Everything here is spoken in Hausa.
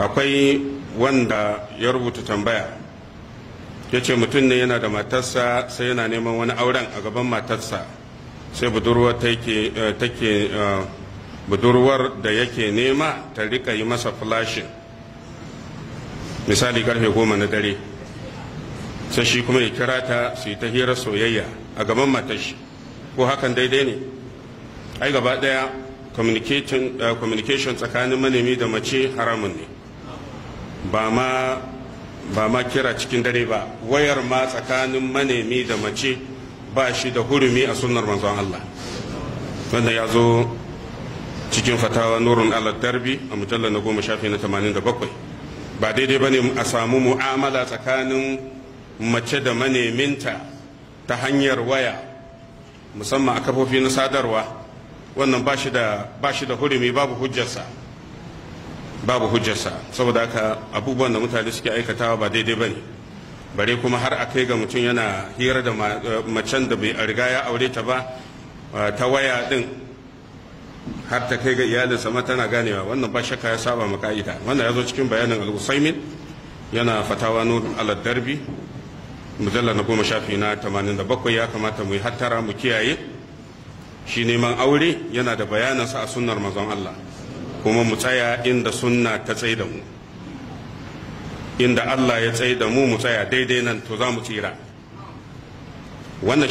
akwai wanda ya rubuta tambaya ya ce mutum ne yana da matarsa sai yana neman wani auren a gaban matarsa sai budurwar eh, take eh, budurwar da yake nema ta rika yi masa flashin misali karfe goma na dare sai shi kuma ya kira ta su yi ta hira soyayya a gaban matashi ko hakan daidai ne ai gaba daya eh, communication tsakanin manemi da mace haramun ne ba ma kira cikin dare ba wayar ma tsakanin manemi da mace ba shi da hurumi a sunar manzon Allah wanda ya zo cikin fatawa nurun Allah darbi a mujalla na goma shafi na tamanin da bakwai ba daidai ba ne a samu mu'amala tsakanin mace da maneminta ta hanyar waya musamman a kafofi na sadarwa wannan ba shi da hurumi babu hujjarsa babu hujjarsa saboda haka abubuwan da mutane suke aikatawa ba daidai ba ne bare kuma har a kai ga mutum yana hira da eh, macen da bai riga ya aure ta ba eh, ta waya din har ta kai ga iyalinsa ma tana ganewa wannan ba shakka ya saba ma ka'ida wannan ya zo cikin bayanin al yana fatawa nur al-darbi mujalla na goma shafi na tamanin da bakwai ya kamata mu yi hattara mu kiyaye shi neman aure yana da bayanansa a sunnar manzon Allah kuma mu tsaya inda sunna ta tsaye da mu inda Allah ya tsaye da mu mu tsaya daidai nan to za mu tsira wannan